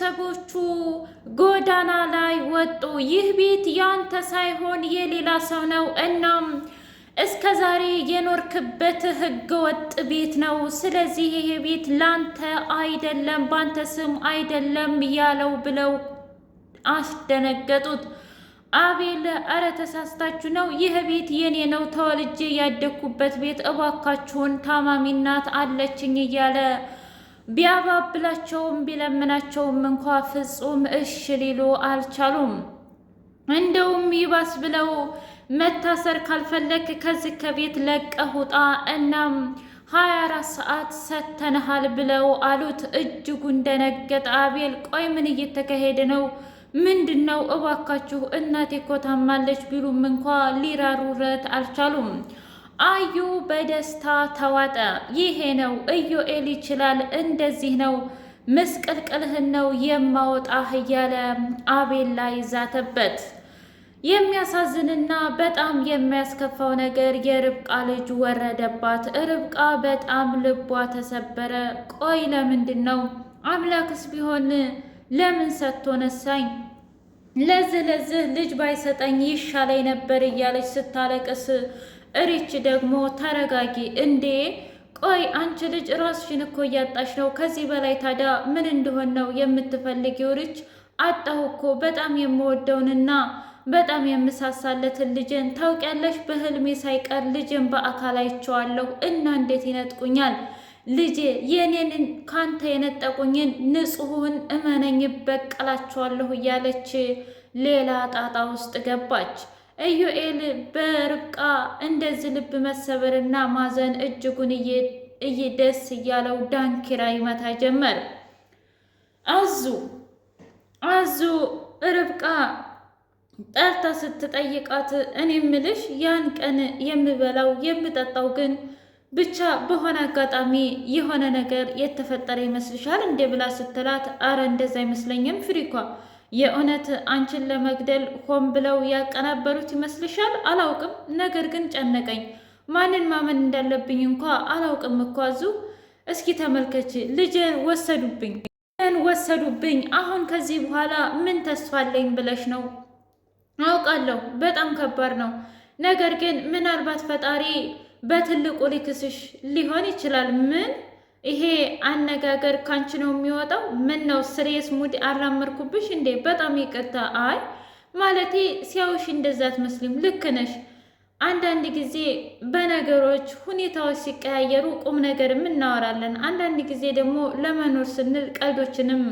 ቤተሰቦቹ ጎዳና ላይ ወጡ። ይህ ቤት ያንተ ሳይሆን የሌላ ሰው ነው። እናም እስከ ዛሬ የኖርክበት ወጥ ቤት ነው። ስለዚህ ይሄ ቤት ላንተ አይደለም፣ ባንተ ስም አይደለም ያለው ብለው አስደነገጡት። አቤል አረ ተሳስታችሁ ነው፣ ይህ ቤት የኔ ነው፣ ተወልጄ ያደግኩበት ቤት፣ እባካችሁን ታማሚ እናት አለችኝ እያለ ቢያባብላቸውም ቢለምናቸውም እንኳ ፍጹም እሽ ሊሉ አልቻሉም። እንደውም ይባስ ብለው መታሰር ካልፈለግ ከዚህ ከቤት ለቀህ ውጣ እናም ሀያ አራት ሰዓት ሰተንሃል ብለው አሉት። እጅጉን ደነገጠ አቤል። ቆይ ምን እየተካሄደ ነው? ምንድን ነው? እባካችሁ እናቴ እኮ ታማለች ቢሉም እንኳ ሊራሩረት አልቻሉም። አዩ በደስታ ተዋጠ። ይሄ ነው ኢዮኤል ይችላል፣ እንደዚህ ነው ምስቅልቅልህን ነው የማወጣህ እያለ አቤል ላይ ዛተበት። የሚያሳዝንና በጣም የሚያስከፋው ነገር የርብቃ ልጅ ወረደባት። ርብቃ በጣም ልቧ ተሰበረ። ቆይ ለምንድን ነው አምላክስ ቢሆን ለምን ሰጥቶ ነሳኝ? ለዚህ ለዚህ ልጅ ባይሰጠኝ ይሻለኝ ነበር እያለች ስታለቅስ እሪች ደግሞ ተረጋጊ እንዴ ቆይ አንቺ ልጅ ራስሽን እኮ እያጣሽ ነው። ከዚህ በላይ ታዲያ ምን እንደሆን ነው የምትፈልጊው? ሪች አጣሁ እኮ በጣም የምወደውንና በጣም የምሳሳለትን ልጅን ታውቂያለሽ። በህልሜ ሳይቀር ልጅን በአካል አይቼዋለሁ እና እንዴት ይነጥቁኛል ልጄ የኔን ካንተ የነጠቁኝን ንጹሑን እመነኝ በቀላቸዋለሁ እያለች ሌላ ጣጣ ውስጥ ገባች። ኢዮኤል በርብቃ እንደዚህ ልብ መሰበርና ማዘን እጅጉን እየደስ እያለው ዳንኪራ ይመታ ጀመር። አዙ አዙ ርብቃ ጠርታ ስትጠይቃት እኔ ምልሽ ያን ቀን የምበላው የምጠጣው ግን ብቻ በሆነ አጋጣሚ የሆነ ነገር የተፈጠረ ይመስልሻል እንዴ ብላ ስትላት፣ አረ እንደዛ አይመስለኝም ፍሪኳ የእውነት አንቺን ለመግደል ሆን ብለው ያቀናበሩት ይመስልሻል? አላውቅም። ነገር ግን ጨነቀኝ። ማንን ማመን እንዳለብኝ እንኳ አላውቅም። እኮ አዙ፣ እስኪ ተመልከች፣ ልጄን ወሰዱብኝ፣ ወሰዱብኝ። አሁን ከዚህ በኋላ ምን ተስፋ አለኝ ብለሽ ነው? አውቃለሁ፣ በጣም ከባድ ነው። ነገር ግን ምናልባት ፈጣሪ በትልቁ ሊክስሽ ሊሆን ይችላል። ምን ይሄ አነጋገር ካንቺ ነው የሚወጣው? ምን ነው ስሬስ ሙድ አራመርኩብሽ እንዴ? በጣም ይቅርታ። አይ ማለቴ ሲያውሽ እንደዛ አትመስሊም። ልክ ነሽ። አንዳንድ ጊዜ በነገሮች ሁኔታዎች ሲቀያየሩ ቁም ነገርም እናወራለን። አንዳንድ ጊዜ ደግሞ ለመኖር ስንል ቀልዶችንም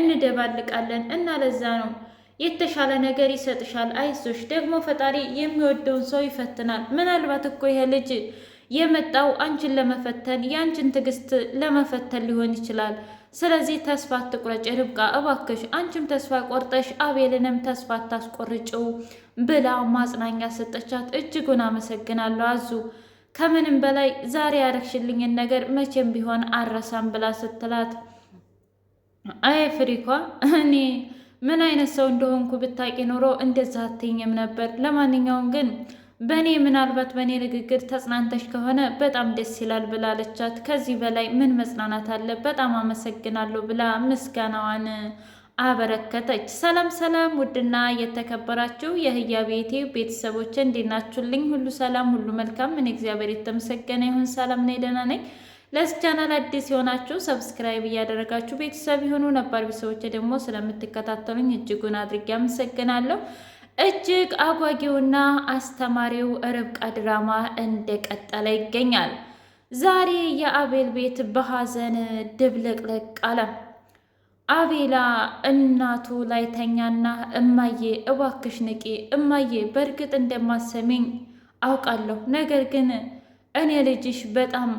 እንደባልቃለን እና ለዛ ነው የተሻለ ነገር ይሰጥሻል። አይዞሽ። ደግሞ ፈጣሪ የሚወደውን ሰው ይፈትናል። ምናልባት እኮ ይሄ ልጅ የመጣው አንቺን ለመፈተን የአንቺን ትዕግስት ለመፈተን ሊሆን ይችላል። ስለዚህ ተስፋ አትቁረጭ ርብቃ፣ እባክሽ አንቺም ተስፋ ቆርጠሽ አቤልንም ተስፋ አታስቆርጭው ብላ ማጽናኛ ሰጠቻት። እጅጉን አመሰግናለሁ አዙ፣ ከምንም በላይ ዛሬ ያደረግሽልኝን ነገር መቼም ቢሆን አረሳም ብላ ስትላት፣ አይ ፍሪኳ እኔ ምን አይነት ሰው እንደሆንኩ ብታቂ ኖሮ እንደዛ አትኝም ነበር። ለማንኛውም ግን በእኔ ምናልባት በእኔ ንግግር ተጽናንተሽ ከሆነ በጣም ደስ ይላል ብላለቻት። ከዚህ በላይ ምን መጽናናት አለ? በጣም አመሰግናለሁ ብላ ምስጋናዋን አበረከተች። ሰላም ሰላም! ውድና የተከበራችሁ የህያ ቤቴ ቤተሰቦች እንዲናችሁልኝ ሁሉ ሰላም፣ ሁሉ መልካም። ምን እግዚአብሔር የተመሰገነ ይሁን። ሰላም ነኝ፣ ደህና ነኝ። ለዚህ ቻናል አዲስ የሆናችሁ ሰብስክራይብ እያደረጋችሁ ቤተሰብ የሆኑ ነባር ቤተሰቦች ደግሞ ስለምትከታተሉኝ እጅጉን አድርጌ አመሰግናለሁ። እጅግ አጓጊውና አስተማሪው ርብቃ ድራማ እንደቀጠለ ይገኛል። ዛሬ የአቤል ቤት በሐዘን ድብልቅልቅ አለ። አቤላ እናቱ ላይ ተኛና እማዬ እባክሽ ንቂ፣ እማዬ በእርግጥ እንደማሰሚኝ አውቃለሁ፣ ነገር ግን እኔ ልጅሽ በጣም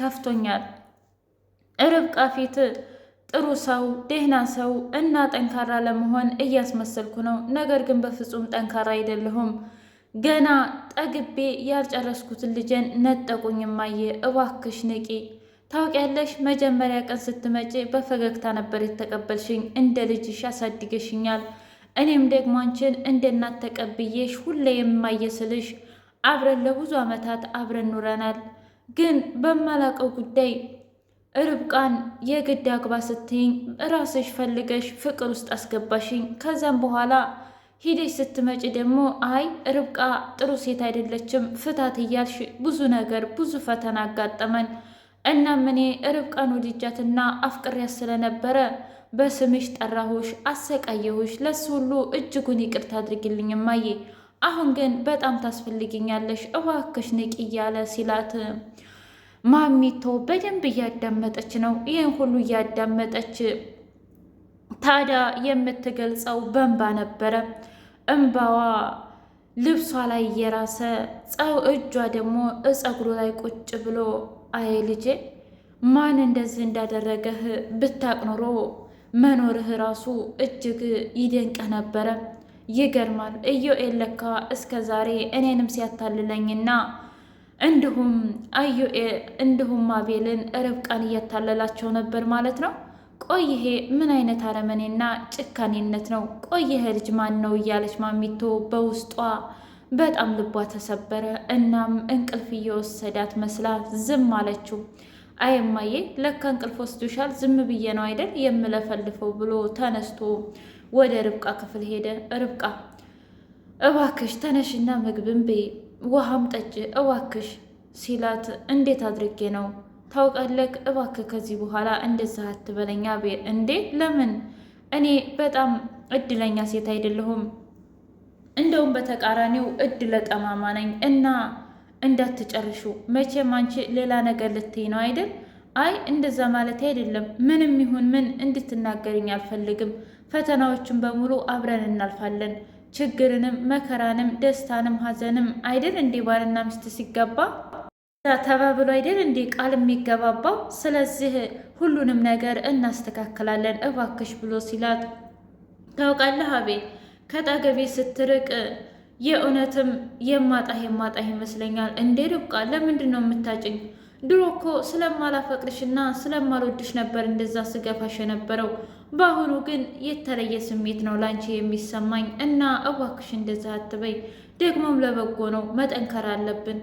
ከፍቶኛል ርብቃ ፊት ጥሩ ሰው፣ ደህና ሰው እና ጠንካራ ለመሆን እያስመሰልኩ ነው። ነገር ግን በፍጹም ጠንካራ አይደለሁም። ገና ጠግቤ ያልጨረስኩትን ልጄን ነጠቁኝ። እማዬ እባክሽ ንቂ። ታውቂያለሽ፣ መጀመሪያ ቀን ስትመጪ በፈገግታ ነበር የተቀበልሽኝ። እንደ ልጅሽ አሳድገሽኛል። እኔም ደግሞ አንቺን እንደ እናት ተቀብዬሽ ሁሌ የማየስልሽ አብረን ለብዙ ዓመታት አብረን ኑረናል። ግን በማላውቀው ጉዳይ ርብቃን የግድ አግባ ስትይኝ ራስሽ ፈልገሽ ፍቅር ውስጥ አስገባሽኝ። ከዛም በኋላ ሂደሽ ስትመጪ ደግሞ አይ ርብቃ ጥሩ ሴት አይደለችም ፍታት እያልሽ ብዙ ነገር ብዙ ፈተና አጋጠመን። እናም እኔ ርብቃን ወድጃትና አፍቅሪያት ስለነበረ በስምሽ ጠራሁሽ፣ አሰቃየሁሽ። ለሱ ሁሉ እጅጉን ይቅርታ አድርጊልኝ እማዬ። አሁን ግን በጣም ታስፈልግኛለሽ፣ እባክሽ ንቂ እያለ ሲላት ማሚቶ በደንብ እያዳመጠች ነው። ይህን ሁሉ እያዳመጠች ታዲያ የምትገልጸው በእንባ ነበረ። እንባዋ ልብሷ ላይ እየራሰ ጸው እጇ ደግሞ እፀጉሩ ላይ ቁጭ ብሎ አይ ልጄ ማን እንደዚህ እንዳደረገህ ብታቅ ኖሮ መኖርህ ራሱ እጅግ ይደንቀ ነበረ። ይገርማል። ኢዮኤል ለካ እስከ ዛሬ እኔንም ሲያታልለኝና እንዲሁም አዩ እንዲሁም አቤልን ርብቃን እያታለላቸው ነበር ማለት ነው። ቆይ ይሄ ምን አይነት አረመኔና ጭካኔነት ነው? ቆይ ይሄ ልጅ ማን ነው እያለች ማሚቶ በውስጧ በጣም ልቧ ተሰበረ። እናም እንቅልፍ እየወሰዳት መስላ ዝም አለችው። አየማዬ ለካ እንቅልፍ ወስዶሻል፣ ዝም ብዬ ነው አይደል የምለፈልፈው ብሎ ተነስቶ ወደ ርብቃ ክፍል ሄደ። ርብቃ እባክሽ ተነሽና ምግብን ብይ ውሃም ጠጭ እባክሽ ሲላት፣ እንዴት አድርጌ ነው ታውቃለህ? እባክህ ከዚህ በኋላ እንደዛ አትበለኛ። እንዴ ለምን? እኔ በጣም እድለኛ ሴት አይደለሁም። እንደውም በተቃራኒው እድለ ጠማማ ነኝ። እና እንዳትጨርሹ መቼም አንቺ ሌላ ነገር ልትይ ነው አይደል? አይ እንደዛ ማለት አይደለም። ምንም ይሁን ምን እንድትናገርኝ አልፈልግም። ፈተናዎችን በሙሉ አብረን እናልፋለን ችግርንም መከራንም ደስታንም ሀዘንም አይደል እንዲህ ባልና ሚስት ሲገባ ተባብሎ አይደል እንዲህ ቃል የሚገባባው? ስለዚህ ሁሉንም ነገር እናስተካክላለን እባክሽ ብሎ ሲላት ታውቃለህ አቤ ከጣገቤ ስትርቅ የእውነትም የማጣህ የማጣህ ይመስለኛል። እንዴ ርብቃ ለምንድን ነው የምታጭኝ? ድሮ እኮ ስለማላፈቅድሽና ስለማልወድሽ ነበር እንደዛ ስገፋሽ የነበረው። በአሁኑ ግን የተለየ ስሜት ነው ላንቺ የሚሰማኝ እና እባክሽ እንደዛ አትበይ። ደግሞም ለበጎ ነው፣ መጠንከር አለብን።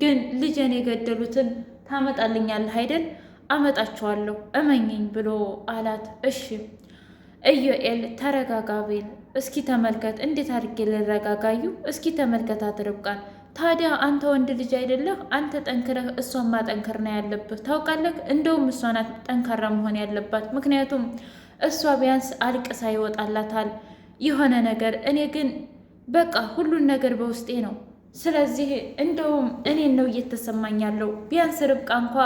ግን ልጄን የገደሉትን ታመጣልኛለህ አይደል? አመጣችኋለሁ እመኝኝ ብሎ አላት። እሺ ኢዮኤል ተረጋጋ ቤል እስኪ ተመልከት። እንዴት አድርጌ ልረጋጋዩ? እስኪ ተመልከታት ርብቃን ታዲያ አንተ ወንድ ልጅ አይደለህ? አንተ ጠንክረህ እሷን ማጠንከር ነው ያለብህ። ታውቃለህ፣ እንደውም እሷ ናት ጠንካራ መሆን ያለባት። ምክንያቱም እሷ ቢያንስ አልቅሳ ይወጣላታል የሆነ ነገር። እኔ ግን በቃ ሁሉን ነገር በውስጤ ነው። ስለዚህ እንደውም እኔን ነው እየተሰማኝ ያለው። ቢያንስ ርብቃ እንኳ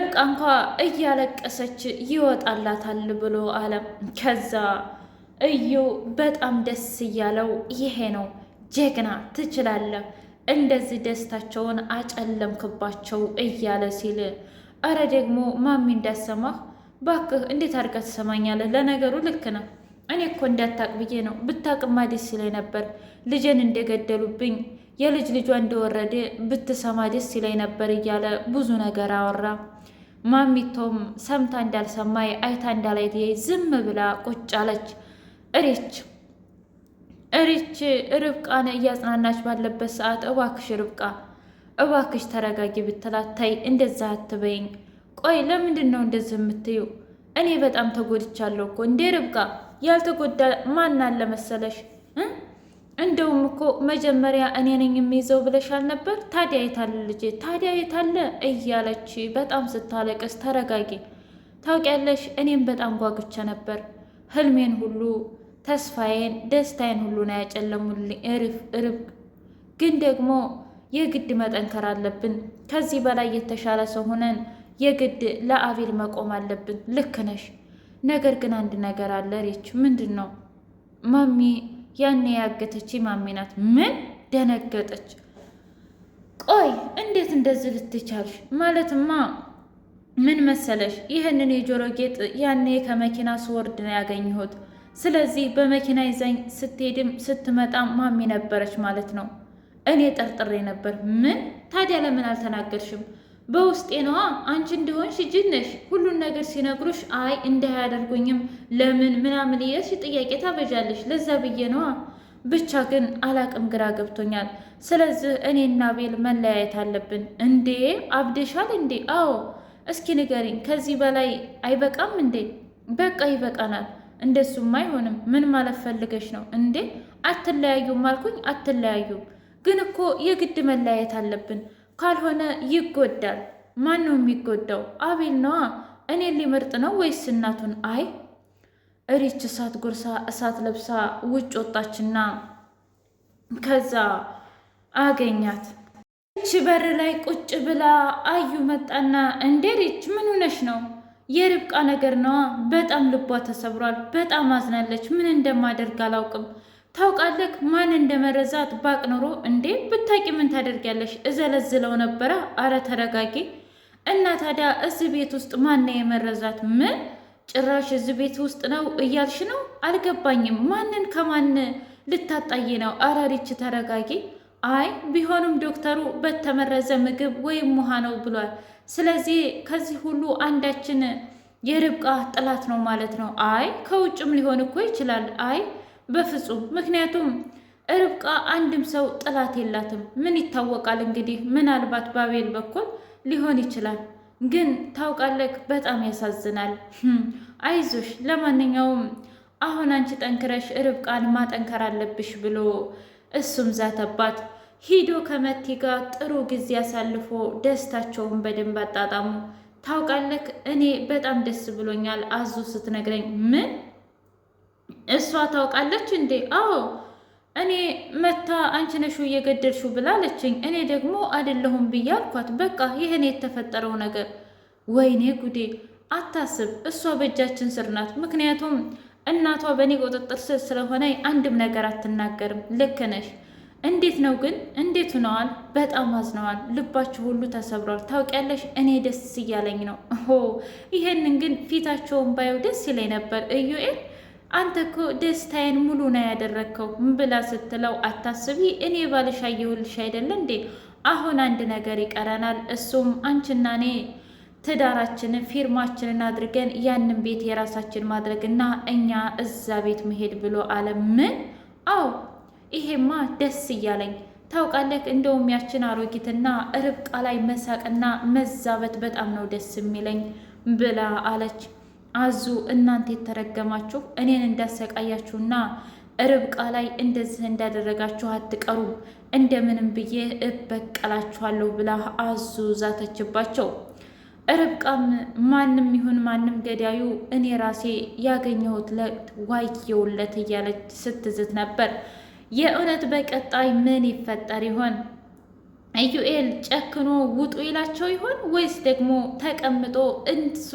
ርብቃ እንኳ እያለቀሰች ይወጣላታል ብሎ አለ። ከዛ እዩ በጣም ደስ እያለው ይሄ ነው ጀግና ትችላለህ እንደዚህ ደስታቸውን አጨለምክባቸው እያለ ሲል አረ ደግሞ ማሚ እንዳሰማህ ባክህ እንዴት አድርጋ ትሰማኛለህ? ለነገሩ ልክ ነው። እኔ እኮ እንዳታቅ ብዬ ነው። ብታቅማ ደስ ይለኝ ነበር። ልጄን እንደገደሉብኝ የልጅ ልጇ እንደወረደ ብትሰማ ደስ ይለኝ ነበር እያለ ብዙ ነገር አወራ። ማሚቶም ሰምታ እንዳልሰማይ አይታ እንዳላይ ዝም ብላ ቁጭ አለች እሬች እሪች ርብቃን እያጽናናች ባለበት ሰዓት እባክሽ ርብቃ እባክሽ ተረጋጊ ብትላት ታይ እንደዛ አትበይኝ። ቆይ ለምንድን ነው እንደዚህ የምትዩ? እኔ በጣም ተጎድቻለሁ እኮ እንዴ ርብቃ፣ ያልተጎዳ ማን አለ መሰለሽ? እንደውም እኮ መጀመሪያ እኔ ነኝ የሚይዘው ብለሻል ነበር። ታዲያ የታለ ልጄ? ታዲያ የታለ እያለች በጣም ስታለቅስ፣ ተረጋጊ ታውቂያለሽ፣ እኔም በጣም ጓጉቼ ነበር ህልሜን ሁሉ ተስፋዬን፣ ደስታዬን ሁሉን ያጨለሙልኝ እርፍ። ግን ደግሞ የግድ መጠንከር አለብን። ከዚህ በላይ የተሻለ ሰው ሆነን የግድ ለአቤል መቆም አለብን። ልክ ነሽ። ነገር ግን አንድ ነገር አለ ሬች። ምንድን ነው? ማሚ ያኔ ያገተች ማሚ ናት። ምን? ደነገጠች። ቆይ እንዴት እንደዚህ ልትቻልሽ? ማለትማ ምን መሰለሽ፣ ይህንን የጆሮ ጌጥ ያኔ ከመኪና ስወርድ ነው ያገኘሁት። ስለዚህ በመኪና ይዛኝ ስትሄድም ስትመጣም ማሚ ነበረች ማለት ነው። እኔ ጠርጥሬ ነበር። ምን ታዲያ ለምን አልተናገርሽም? በውስጤ ነዋ። አንቺ እንደሆንሽ ጅነሽ ሁሉን ነገር ሲነግሩሽ አይ እንዳያደርጉኝም ለምን ምናምን እየሽ ጥያቄ ታበዣለሽ። ለዛ ብዬ ነዋ። ብቻ ግን አላቅም፣ ግራ ገብቶኛል። ስለዚህ እኔና ቤል መለያየት አለብን። እንዴ አብደሻል እንዴ? አዎ። እስኪ ንገሪኝ፣ ከዚህ በላይ አይበቃም እንዴ? በቃ ይበቃናል። እንደሱም አይሆንም። ምን ማለት ፈልገሽ ነው እንዴ? አትለያዩም አልኩኝ። አትለያዩም ግን እኮ የግድ መለያየት አለብን፣ ካልሆነ ይጎዳል። ማን ነው የሚጎዳው? አቤል ነዋ። እኔን ሊመርጥ ነው ወይስ እናቱን? አይ እሪች እሳት ጎርሳ እሳት ለብሳ ውጭ ወጣችና ከዛ አገኛት። እች በር ላይ ቁጭ ብላ አዩ መጣና፣ እንዴ ሪች ምን ሆነሽ ነው የርብቃ ነገር ነዋ። በጣም ልቧ ተሰብሯል። በጣም አዝናለች። ምን እንደማደርግ አላውቅም። ታውቃለህ ማን እንደመረዛት ባቅ ኖሮ እንዴ ብታቂ ምን ታደርጊያለሽ? እዘለዝለው ነበረ። አረ ተረጋጊ። እና ታዲያ እዚህ ቤት ውስጥ ነው የመረዛት? ምን ጭራሽ እዚህ ቤት ውስጥ ነው እያልሽ ነው? አልገባኝም። ማንን ከማን ልታጣይ ነው? አረ ሪች ተረጋጊ። አይ ቢሆንም ዶክተሩ በተመረዘ ምግብ ወይም ውሃ ነው ብሏል። ስለዚህ ከዚህ ሁሉ አንዳችን የርብቃ ጥላት ነው ማለት ነው። አይ ከውጭም ሊሆን እኮ ይችላል። አይ በፍጹም ምክንያቱም ርብቃ አንድም ሰው ጥላት የላትም። ምን ይታወቃል እንግዲህ ምናልባት ባቤል በኩል ሊሆን ይችላል። ግን ታውቃለህ፣ በጣም ያሳዝናል። hm፣ አይዞሽ፣ ለማንኛውም አሁን አንቺ ጠንክረሽ ርብቃን ማጠንከር አለብሽ ብሎ እሱም ዛተባት። ሂዶ ከመቲ ጋር ጥሩ ጊዜ አሳልፎ ደስታቸውን በደንብ አጣጣሙ። ታውቃለህ፣ እኔ በጣም ደስ ብሎኛል አዙ ስትነግረኝ። ምን እሷ ታውቃለች እንዴ? አዎ እኔ መታ አንቺ ነሹ እየገደልሹ ብላለችኝ። እኔ ደግሞ አይደለሁም ብዬ አልኳት። በቃ ይህን የተፈጠረው ነገር ወይኔ ጉዴ! አታስብ፣ እሷ በእጃችን ስር ናት። ምክንያቱም እናቷ በእኔ ቁጥጥር ስር ስለሆነ አንድም ነገር አትናገርም። ልክ ነሽ። እንዴት ነው ግን? እንዴት ሆነዋል? በጣም አዝነዋል። ልባችሁ ሁሉ ተሰብሯል። ታውቂያለሽ፣ እኔ ደስ እያለኝ ነው። ሆ ይሄንን ግን ፊታቸውን ባየው ደስ ይለኝ ነበር። እዩኤ አንተ እኮ ደስታዬን ሙሉ ነው ያደረግከው ብላ ስትለው፣ አታስቢ፣ እኔ ባልሽ አየሁልሽ አይደለ እንዴ? አሁን አንድ ነገር ይቀረናል። እሱም አንቺና እኔ ትዳራችንን ፊርማችንን አድርገን ያንን ቤት የራሳችን ማድረግና እኛ እዛ ቤት መሄድ ብሎ አለ። ምን? አዎ ይሄማ ደስ እያለኝ ታውቃለህ፣ እንደውም ያችን አሮጊትና ርብቃ ላይ መሳቅና መዛበት በጣም ነው ደስ የሚለኝ ብላ አለች። አዙ እናንተ የተረገማችሁ እኔን እንዳሰቃያችሁና ርብቃ ላይ እንደዚህ እንዳደረጋችሁ አትቀሩም፣ እንደምንም ብዬ እበቀላችኋለሁ ብላ አዙ ዛተችባቸው። ርብቃም ማንም ይሁን ማንም ገዳዩ እኔ ራሴ ያገኘሁት ለቅት ዋየውለት እያለች ስትዝት ነበር። የእውነት በቀጣይ ምን ይፈጠር ይሆን? ኢዩኤል ጨክኖ ውጡ ይላቸው ይሆን ወይስ ደግሞ ተቀምጦ እንሱ